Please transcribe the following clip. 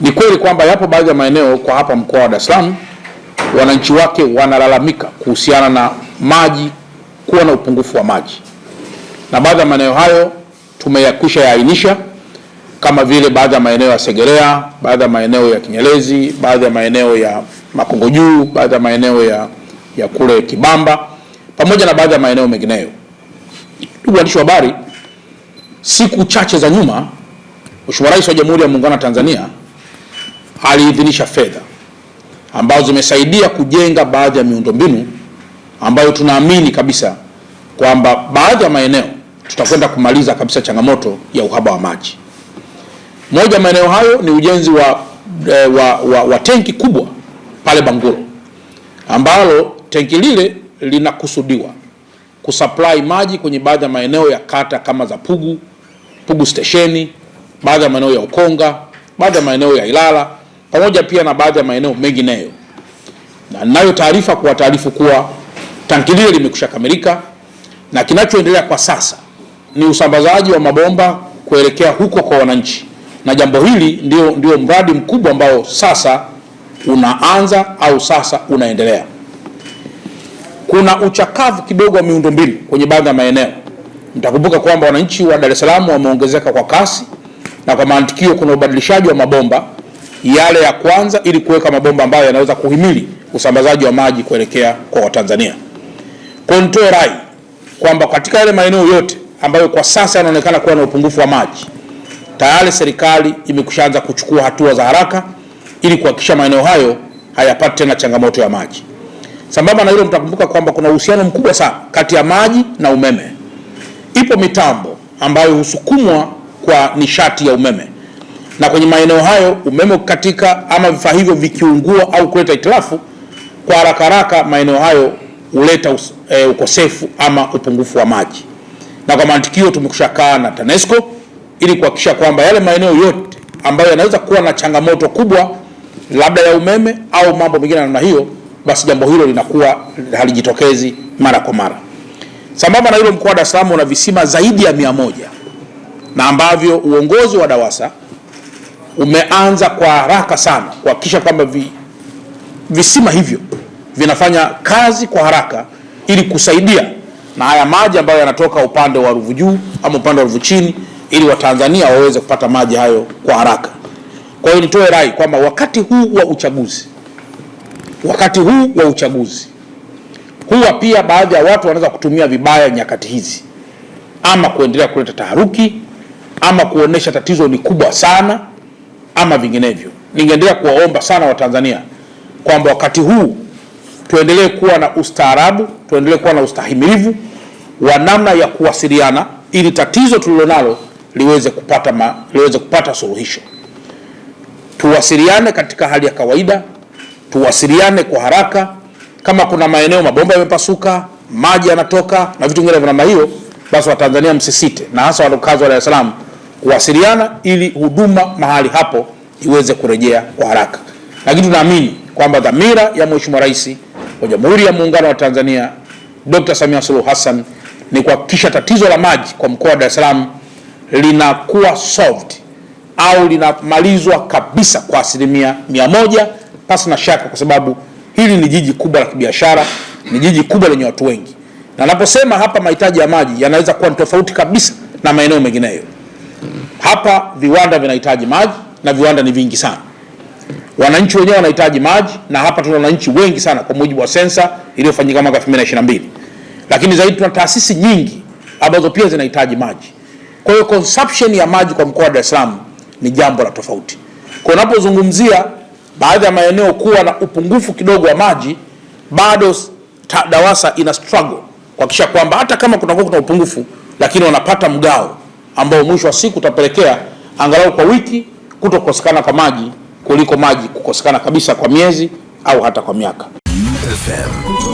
Ni kweli kwamba yapo baadhi ya maeneo kwa hapa mkoa wa Dar es Salaam wananchi wake wanalalamika kuhusiana na maji kuwa na upungufu wa maji, na baadhi ya maeneo hayo tumeyakwisha yaainisha kama vile baadhi ya maeneo ya Segerea, baadhi ya maeneo ya Kinyerezi, baadhi ya maeneo ya Makongo Juu, baadhi ya maeneo ya, ya kule Kibamba pamoja na baadhi ya maeneo mengineyo. Ndugu waandishi wa habari, siku chache za nyuma Mheshimiwa Rais wa Jamhuri ya Muungano wa Tanzania aliidhinisha fedha ambazo zimesaidia kujenga baadhi ya miundombinu ambayo tunaamini kabisa kwamba baadhi ya maeneo tutakwenda kumaliza kabisa changamoto ya uhaba wa maji. Moja ya maeneo hayo ni ujenzi wa, wa, eh, wa, wa, wa tenki kubwa pale Bangulo ambalo tenki lile linakusudiwa kusupply maji kwenye baadhi ya maeneo ya kata kama za Pugu, Pugu stesheni, baadhi ya maeneo ya Ukonga, baadhi ya maeneo ya Ilala pamoja pia na baadhi ya maeneo mengineyo, na ninayo taarifa kwa taarifu kuwa tanki lile limekwisha kamilika na kinachoendelea kwa sasa ni usambazaji wa mabomba kuelekea huko kwa wananchi, na jambo hili ndio, ndio mradi mkubwa ambao sasa unaanza au sasa unaendelea. Kuna uchakavu kidogo wa miundombinu kwenye baadhi ya maeneo. Mtakumbuka kwamba wananchi wa Dar es Salaam wameongezeka kwa kasi, na kwa mantikio kuna ubadilishaji wa mabomba yale ya kwanza ili kuweka mabomba ambayo yanaweza kuhimili usambazaji wa maji kuelekea kwa Watanzania. Kwa nitoe rai kwamba katika yale maeneo yote ambayo kwa sasa yanaonekana kuwa na upungufu wa maji, tayari serikali imekushaanza kuchukua hatua za haraka ili kuhakikisha maeneo hayo hayapati tena changamoto ya maji. Sambamba na hilo, mtakumbuka kwamba kuna uhusiano mkubwa sana kati ya maji na umeme. Ipo mitambo ambayo husukumwa kwa nishati ya umeme na kwenye maeneo hayo umeme ukikatika ama vifaa hivyo vikiungua au kuleta hitilafu, kwa haraka haraka maeneo hayo huleta e, ukosefu ama upungufu wa maji. Na kwa mantikio tumekushakaa na TANESCO ili kuhakikisha kwamba yale maeneo yote ambayo yanaweza kuwa na changamoto kubwa labda ya umeme au mambo mengine namna hiyo, basi jambo hilo linakuwa halijitokezi mara kwa mara. Sambamba na hilo, mkoa wa Dar es Salaam una visima zaidi ya mia moja na ambavyo uongozi wa DAWASA umeanza kwa haraka sana kuhakikisha kwamba vi, visima hivyo vinafanya kazi kwa haraka ili kusaidia na haya maji ambayo yanatoka upande wa Ruvu juu ama upande wa Ruvu chini ili Watanzania waweze kupata maji hayo kwa haraka. Kwa hiyo nitoe rai kwamba wakati huu wa uchaguzi, wakati huu wa uchaguzi huwa pia baadhi ya watu wanaweza kutumia vibaya nyakati hizi, ama kuendelea kuleta taharuki, ama kuonesha tatizo ni kubwa sana ama vinginevyo. Ningeendelea kuwaomba sana Watanzania kwamba wakati huu tuendelee kuwa na ustaarabu, tuendelee kuwa na ustahimilivu wa namna ya kuwasiliana ili tatizo tulilonalo liweze kupata ma, liweze kupata suluhisho. Tuwasiliane katika hali ya kawaida, tuwasiliane kwa haraka. Kama kuna maeneo mabomba yamepasuka, maji yanatoka na vitu vingine vya namna hiyo, basi Watanzania msisite, na hasa wakazi wa Dar es Salaam kuwasiliana ili huduma mahali hapo iweze kurejea kwa haraka. Lakini tunaamini kwamba dhamira ya Mheshimiwa Rais wa Jamhuri ya Muungano wa Tanzania Dr. Samia Suluhu Hassan ni kuhakikisha tatizo la maji kwa mkoa wa Dar es Salaam linakuwa solved au linamalizwa kabisa kwa asilimia mia moja pasi na shaka, kwa sababu hili ni jiji kubwa la kibiashara, ni jiji kubwa lenye watu wengi, na naposema hapa mahitaji ya maji yanaweza kuwa tofauti kabisa na maeneo mengineyo. Hapa viwanda vinahitaji maji na viwanda ni vingi sana, wananchi wenyewe wanahitaji maji, na hapa tuna wananchi wengi sana kwa mujibu wa sensa iliyofanyika mwaka 2022, lakini zaidi tuna taasisi nyingi ambazo pia zinahitaji maji. Kwa hiyo consumption ya maji kwa mkoa wa Dar es Salaam ni jambo la tofauti. Kwa unapozungumzia baadhi ya maeneo kuwa na upungufu kidogo wa maji, bado DAWASA ina struggle kuhakikisha kwamba hata kama kunakuwa kuna upungufu, lakini wanapata mgao ambao mwisho wa siku utapelekea angalau kwa wiki kutokosekana kwa maji kuliko maji kukosekana kabisa kwa miezi au hata kwa miaka FM.